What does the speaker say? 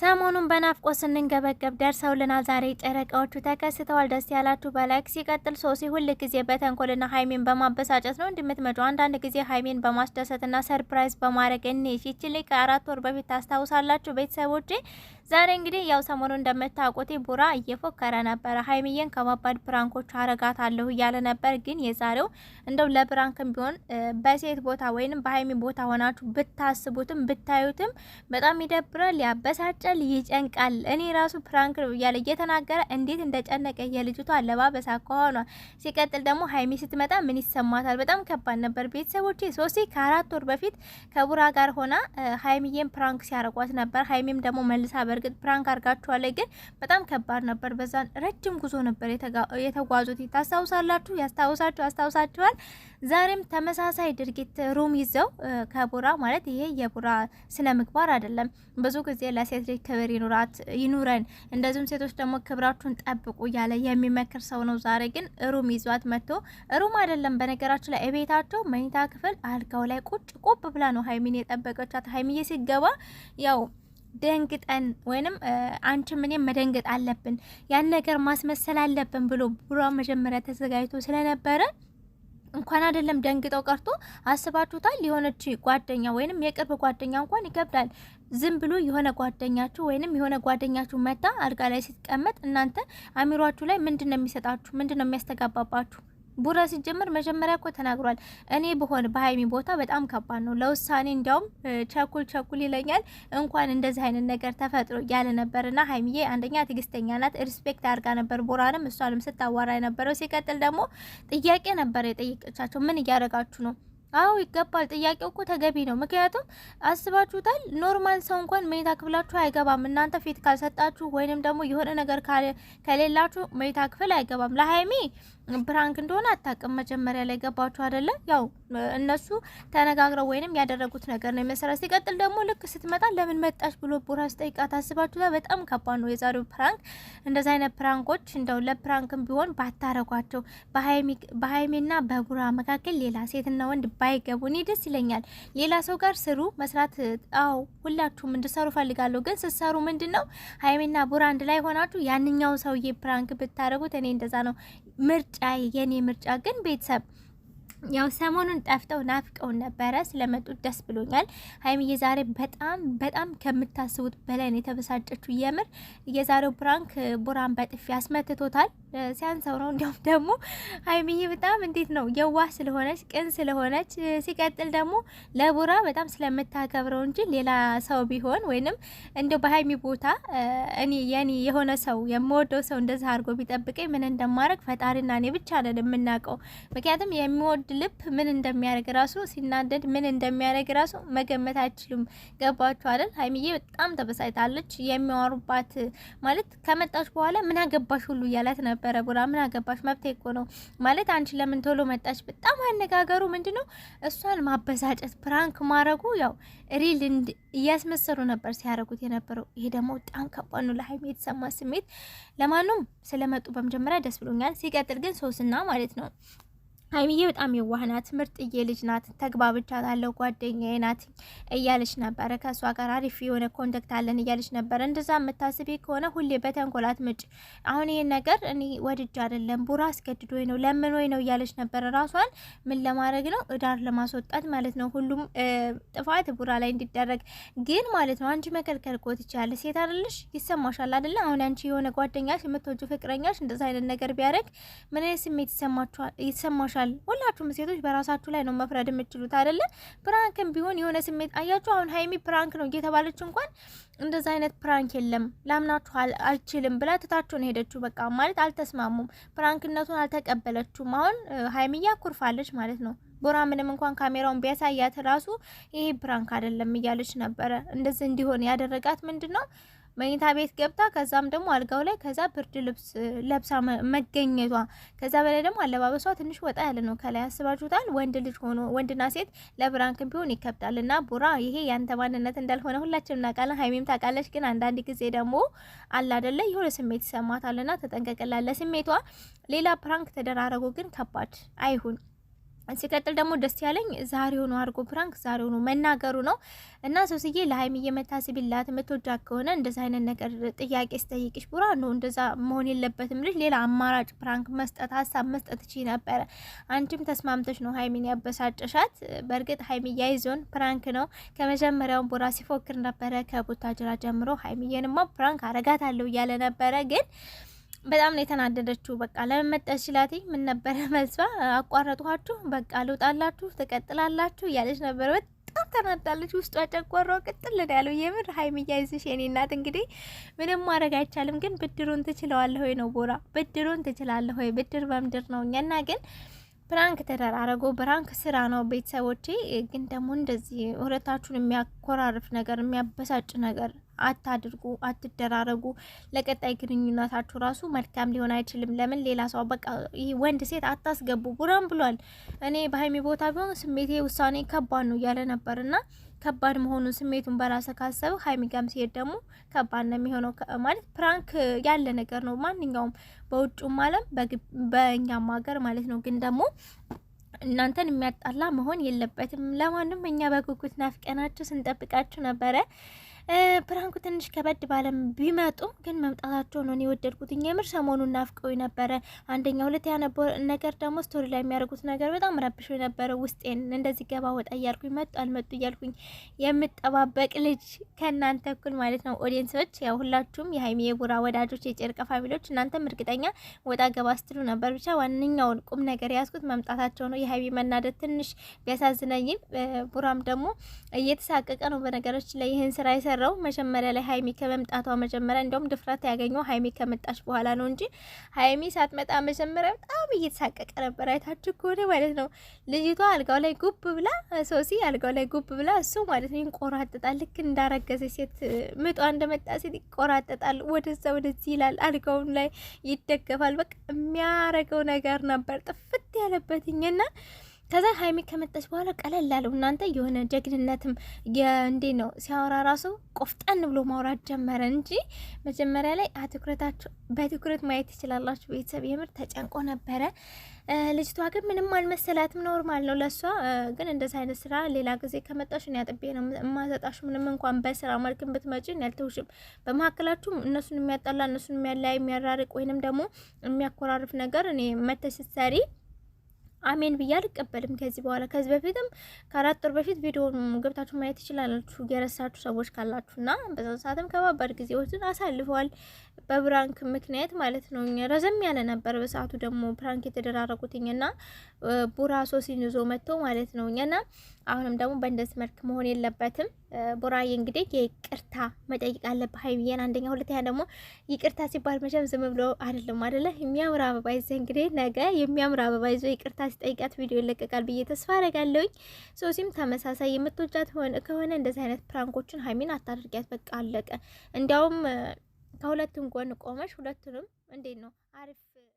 ሰሞኑን በናፍቆ ስንንገበገብ ደርሰውልናል። ዛሬ ጨረቃዎቹ ተከስተዋል። ደስ ያላችሁ በላይክ ሲቀጥል ሶሲ ሁል ጊዜ በተንኮልና ሀይሜን በማበሳጨት ነው እንደምትመጪው። አንዳንድ ጊዜ ሀይሜን በማስደሰትና ሰርፕራይዝ በማድረግ እኔ ይቺ ከአራት ወር በፊት ታስታውሳላችሁ ቤተሰቦቼ ዛሬ እንግዲህ ያው ሰሞኑ እንደምታውቁት ቡራ እየፎከረ ነበረ። ሀይሚዬን ከባባድ ፕራንኮች አረጋት አለሁ እያለ ነበር። ግን የዛሬው እንደው ለፕራንክም ቢሆን በሴት ቦታ ወይንም በሀይሚ ቦታ ሆናችሁ ብታስቡትም ብታዩትም በጣም ይደብራል፣ ያበሳጫል፣ ይጨንቃል። እኔ ራሱ ፕራንክ ነው እያለ እየተናገረ እንዴት እንደጨነቀ የልጅቷ አለባበስ አኳኋኗ። ሲቀጥል ደግሞ ሀይሚ ስትመጣ ምን ይሰማታል? በጣም ከባድ ነበር። ቤተሰቦቼ ሶስቴ ከአራት ወር በፊት ከቡራ ጋር ሆና ሀይሚዬን ፕራንክ ሲያረጓት ነበር። ሀይሚም ደግሞ መልሳ በእርግጥ ፕራንክ አርጋችኋለሁ፣ ግን በጣም ከባድ ነበር። በዛን ረጅም ጉዞ ነበር የተጓዙት። ታስታውሳላችሁ? ያስታውሳችሁ፣ አስታውሳችኋል። ዛሬም ተመሳሳይ ድርጊት ሩም ይዘው ከቡራ ማለት ይሄ የቡራ ስነ ምግባር አይደለም። ብዙ ጊዜ ለሴት ልጅ ክብር ይኑራት ይኑረን፣ እንደዚሁም ሴቶች ደግሞ ክብራችሁን ጠብቁ እያለ የሚመክር ሰው ነው። ዛሬ ግን ሩም ይዟት መጥቶ ሩም አይደለም በነገራችሁ ላይ እቤታቸው መኝታ ክፍል አልጋው ላይ ቁጭ ቁብ ብላ ነው ሀይሚን የጠበቀቻት። ሀይሚዬ ሲገባ ያው ደንግጠን ወይንም አንቺም እኔም መደንግጥ አለብን፣ ያን ነገር ማስመሰል አለብን ብሎ ቡራ መጀመሪያ ተዘጋጅቶ ስለነበረ እንኳን አይደለም ደንግጠው ቀርቶ አስባችሁታል። የሆነች ጓደኛ ወይንም የቅርብ ጓደኛ እንኳን ይከብዳል። ዝም ብሎ የሆነ ጓደኛችሁ ወይንም የሆነ ጓደኛችሁ መታ አልጋ ላይ ስትቀመጥ እናንተ አሚሯችሁ ላይ ምንድን ነው የሚሰጣችሁ? ምንድን ነው የሚያስተጋባባችሁ? ቡራ ሲጀመር መጀመሪያ እኮ ተናግሯል። እኔ ብሆን በሀይሚ ቦታ በጣም ከባድ ነው ለውሳኔ እንዲያውም ቸኩል ቸኩል ይለኛል። እንኳን እንደዚህ አይነት ነገር ተፈጥሮ ያለ ና ሀይሚዬ አንደኛ ትግስተኛ ናት፣ ሪስፔክት አድርጋ ነበር ቡራንም እሷንም ስታዋራ የነበረው። ሲቀጥል ደግሞ ጥያቄ ነበር የጠየቀቻቸው ምን እያደረጋችሁ ነው? አዎ ይገባል። ጥያቄው እኮ ተገቢ ነው። ምክንያቱም አስባችሁታል፣ ኖርማል ሰው እንኳን መኝታ ክፍላችሁ አይገባም። እናንተ ፊት ካልሰጣችሁ ወይንም ደግሞ የሆነ ነገር ከሌላችሁ መኝታ ክፍል አይገባም። ለሀይሚ ብራንክ እንደሆነ አታውቅም። መጀመሪያ ላይ ገባችሁ አይደለ? ያው እነሱ ተነጋግረው ወይንም ያደረጉት ነገር ነው የመሰረት። ሲቀጥል ደግሞ ልክ ስትመጣ ለምን መጣች ብሎ ቡራ ስጠይቃት ታስባችሁ፣ በጣም ከባድ ነው የዛሬው ፕራንክ። እንደዚ አይነት ፕራንኮች እንደው ለፕራንክም ቢሆን ባታረጓቸው፣ በሀይሜና በቡራ መካከል ሌላ ሴትና ወንድ ባይገቡ እኔ ደስ ይለኛል። ሌላ ሰው ጋር ስሩ መስራት። አዎ ሁላችሁም እንድሰሩ ፈልጋለሁ። ግን ስትሰሩ ምንድን ነው ሀይሜና ቡራ አንድ ላይ ሆናችሁ ያንኛው ሰውዬ ፕራንክ ብታደረጉት እኔ እንደዛ ነው ምርጫ የኔ ምርጫ ግን ቤተሰብ ያው ሰሞኑን ጠፍተው ናፍቀውን ነበረ። ስለመጡት ደስ ብሎኛል። ሀይሚዬ ዛሬ በጣም በጣም ከምታስቡት በላይ ነው የተበሳጨችው። የምር የዛሬው ፕራንክ ቡራን በጥፊ አስመትቶታል። ሲያንሰው ነው። እንዲሁም ደግሞ ሀይሚዬ በጣም እንዴት ነው የዋህ ስለሆነች ቅን ስለሆነች፣ ሲቀጥል ደግሞ ለቡራ በጣም ስለምታከብረው እንጂ ሌላ ሰው ቢሆን ወይንም እንደ በሀይሚ ቦታ እኔ የኔ የሆነ ሰው የምወደው ሰው እንደዚህ አድርጎ ቢጠብቀኝ ምን እንደማድረግ ፈጣሪና እኔ ብቻ ነን የምናውቀው። ምክንያቱም የሚወድ ልብ ምን እንደሚያደርግ ራሱ ሲናደድ ምን እንደሚያደርግ ራሱ መገመት አይችሉም። ገባችሁ አይደል? ሀይሚዬ በጣም ተበሳጭታለች። የሚያወሩባት ማለት ከመጣች በኋላ ምን አገባሽ ሁሉ እያላት ነበረ። ቡራ ምን አገባሽ መብት እኮ ነው ማለት አንቺ ለምን ቶሎ መጣች? በጣም አነጋገሩ ምንድን ነው እሷን ማበሳጨት ፕራንክ ማድረጉ ያው ሪል እያስመሰሉ ነበር ሲያደርጉት የነበረው። ይሄ ደግሞ በጣም ከባድ ነው ለሀይሚ የተሰማ ስሜት። ለማንም ስለመጡ በመጀመሪያ ደስ ብሎኛል። ሲቀጥል ግን ሶስና ማለት ነው ሀይሚዬ በጣም የዋህናት ምርጥዬ ልጅ ናት፣ ተግባብቻታለሁ፣ ጓደኛዬ ናት እያለች ነበረ። ከእሷ ጋር አሪፍ የሆነ ኮንታክት አለን እያለች ነበረ። እንደዛ የምታስቤ ከሆነ ሁሌ በተንኮላት ምጭ። አሁን ይህን ነገር እኔ ወድጅ አይደለም ቡራ አስገድዶኝ ነው ለምን ወይ ነው እያለች ነበረ። ራሷን ምን ለማድረግ ነው እዳር ለማስወጣት ማለት ነው። ሁሉም ጥፋት ቡራ ላይ እንዲደረግ ግን ማለት ነው። አንቺ መከልከል እኮ ትችያለሽ፣ ሴት አይደለሽ? ይሰማሻል አይደለ? አሁን አንቺ የሆነ ጓደኛሽ የምትወጁ ፍቅረኛሽ እንደዛ አይነት ነገር ቢያደርግ ምን አይነት ስሜት ይሰማሻል? ይሆናል። ሁላችሁም ሴቶች በራሳችሁ ላይ ነው መፍረድ የምትችሉት አይደለ? ፕራንክም ቢሆን የሆነ ስሜት አያችሁ። አሁን ሀይሚ ፕራንክ ነው እየተባለች እንኳን እንደዛ አይነት ፕራንክ የለም ላምናችሁ አልችልም ብላ ነው ሄደችሁ። በቃ ማለት አልተስማሙም፣ ፕራንክነቱን አልተቀበለችውም። አሁን ሀይሚያ ኩርፋለች ማለት ነው። ቦራ ምንም እንኳን ካሜራውን ቢያሳያት ራሱ ይሄ ፕራንክ አይደለም እያለች ነበረ። እንደዚህ እንዲሆን ያደረጋት ምንድን ነው መኝታ ቤት ገብታ ከዛም ደግሞ አልጋው ላይ ከዛ ብርድ ልብስ ለብሳ መገኘቷ ከዛ በላይ ደግሞ አለባበሷ ትንሽ ወጣ ያለ ነው። ከላይ አስባችሁታል። ወንድ ልጅ ሆኖ ወንድና ሴት ለብራንክም ቢሆን ይከብዳል። እና ቡራ ይሄ ያንተ ማንነት እንዳልሆነ ሁላችንም እናውቃለን። ሀይሜም ታውቃለች። ግን አንዳንድ ጊዜ ደግሞ አላደለ የሆነ ስሜት ና ተጠንቀቅላለ ስሜቷ ሌላ ፕራንክ ተደራረጉ ግን ከባድ አይሁን። ሲቀጥል ደግሞ ደስ ያለኝ ዛሬው ነው አድርጎ ፕራንክ ዛሬው ነው መናገሩ ነው። እና ሶስዬ ለሀይሚ የመታስቢላት የምትወዳት ከሆነ እንደዛ አይነት ነገር ጥያቄ ስጠይቅሽ ቡራ ነው እንደዛ መሆን የለበትም ልጅ ሌላ አማራጭ ፕራንክ መስጠት ሀሳብ መስጠት እቺ ነበረ። አንቺም ተስማምተሽ ነው ሀይሚን ያበሳጨሻት። በእርግጥ ሀይሚ ያይዞን ፕራንክ ነው ከመጀመሪያውን ቡራ ሲፎክር ነበረ። ከቦታጅራ ጀምሮ ሀይሚዬንማ ፕራንክ አረጋታለሁ እያለ ነበረ ግን በጣም ነው የተናደደችው። በቃ ለምን መጣሽ ሲላትኝ ምን ነበረ መልሷ? አቋረጥኋችሁ፣ በቃ ልውጣላችሁ፣ ትቀጥላላችሁ እያለች ነበር። በጣም ተናዳለች። ውስጧ ጨቆራው ቅጥል ነው ያለው የምር ሀይሚ እያይዝሽ የኔ እናት። እንግዲህ ምንም ማድረግ አይቻልም። ግን ብድሩን ትችለዋለህ ወይ ነው ቦራ፣ ብድሩን ትችላለህ ወይ? ብድር በምድር ነው እኛና ግን ብራንክ ተደራረጎ ብራንክ ስራ ነው። ቤተሰቦቼ ግን ደግሞ እንደዚህ ሁለታችሁን የሚያኮራርፍ ነገር የሚያበሳጭ ነገር አታድርጉ፣ አትደራረጉ። ለቀጣይ ግንኙነታችሁ ራሱ መልካም ሊሆን አይችልም። ለምን ሌላ ሰው በቃ ይህ ወንድ ሴት አታስገቡ ቡራን ብሏል። እኔ በሀይሚ ቦታ ቢሆን ስሜቴ ውሳኔ ከባድ ነው እያለ ነበር እና ከባድ መሆኑን ስሜቱን በራሰ ካሰብ ሀይሚ ጋም ሲሄድ ደግሞ ከባድ ነው የሚሆነው። ማለት ፕራንክ ያለ ነገር ነው ማንኛውም በውጭም ዓለም በእኛም ሀገር ማለት ነው። ግን ደግሞ እናንተን የሚያጣላ መሆን የለበትም። ለማንም እኛ በጉጉት ናፍቀናችሁ ስንጠብቃችሁ ነበረ። ፕራንኩ ትንሽ ከበድ ባለም ቢመጡም ግን መምጣታቸው ነው የወደድኩት። የምር ሰሞኑን ናፍቀው ነበረ። አንደኛ ሁለት ያነበረ ነገር ደግሞ ስቶሪ ላይ የሚያደርጉት ነገር በጣም ረብሾ ነበረ። ውስጤን እንደዚህ ገባ ወጣ እያልኩኝ መጡ አልመጡ እያልኩኝ የምጠባበቅ ልጅ ከእናንተ እኩል ማለት ነው። ኦዲየንሶች፣ ያው ሁላችሁም የሀይሚ የቡራ ወዳጆች፣ የጨርቀ ፋሚሊዎች እናንተም እርግጠኛ ወጣ ገባ ስትሉ ነበር። ብቻ ዋነኛውን ቁም ነገር ያዝኩት መምጣታቸው ነው። የሀይሚ መናደድ ትንሽ ቢያሳዝነኝም ቡራም ደግሞ እየተሳቀቀ ነው። በነገሮች ላይ ይህን ስራ የተፈራው መጀመሪያ ላይ ሀይሚ ከመምጣቷ መጀመሪያ እንዲሁም ድፍረት ያገኘው ሀይሚ ከመጣች በኋላ ነው እንጂ ሀይሚ ሳትመጣ መጀመሪያ በጣም እየተሳቀቀ ነበር። አይታችሁ ከሆነ ማለት ነው ልጅቷ አልጋው ላይ ጉብ ብላ፣ ሶሲ አልጋው ላይ ጉብ ብላ፣ እሱ ማለት ነው ይንቆራጠጣል። ልክ እንዳረገዘች ሴት ምጧ እንደመጣ ሴት ይቆራጠጣል። ወደዛ ወደዚህ ይላል። አልጋውን ላይ ይደገፋል። በቃ የሚያረገው ነገር ነበር ጥፍት ያለበትኝና ከዛ ሀይሚ ከመጣች በኋላ ቀለል ላለው እናንተ የሆነ ጀግንነትም እንዴ ነው ሲያወራ ራሱ ቆፍጠን ብሎ ማውራት ጀመረ እንጂ መጀመሪያ ላይ አትኩረታችሁ በትኩረት ማየት ትችላላችሁ። ቤተሰብ የምር ተጨንቆ ነበረ። ልጅቷ ግን ምንም አልመሰላትም። ኖርማል ነው ለእሷ። ግን እንደዚህ አይነት ስራ ሌላ ጊዜ ከመጣሽ እኔ አጥቤ ነው የማሰጣሽ። ምንም እንኳን በስራ መልክም ብትመጪ እኔ አልተውሽም። በመካከላችሁ እነሱን የሚያጣላ እነሱን የሚያለያይ የሚያራርቅ ወይንም ደግሞ የሚያኮራርፍ ነገር እኔ መተሽ ስትሰሪ አሜን ብዬ አልቀበልም ከዚህ በኋላ። ከዚህ በፊትም ከአራት ወር በፊት ቪዲዮ ገብታችሁ ማየት ትችላላችሁ የረሳችሁ ሰዎች ካላችሁ እና በዛ ሰዓትም ከባባድ ጊዜዎችን አሳልፈዋል። በብራንክ ምክንያት ማለት ነው። ረዘም ያለ ነበር በሰዓቱ ደግሞ ፕራንክ የተደራረጉትኝ ና ቡራ ሶሲን ይዞ መጥቶ ማለት ነው እና አሁንም ደግሞ በእንደዚህ መልክ መሆን የለበትም። ቡራዬ እንግዲህ ይቅርታ መጠየቅ አለብህ ሀይሚዬን። አንደኛ ሁለተኛ ደግሞ ይቅርታ ሲባል መቼም ዝም ብሎ አይደለም አይደለ? የሚያምር አበባ ይዞ እንግዲህ ነገ የሚያምር አበባ ይዞ ይቅርታ ሲጠይቃት ቪዲዮ ይለቀቃል ብዬ ተስፋ አደርጋለሁኝ። ሶሲም ተመሳሳይ የምትወጃት ከሆነ እንደዚህ አይነት ፕራንኮችን ሀይሚን አታድርጊያት። በቃ አለቀ። እንዲያውም ከሁለቱም ጎን ቆመሽ ሁለቱንም እንዴት ነው አሪፍ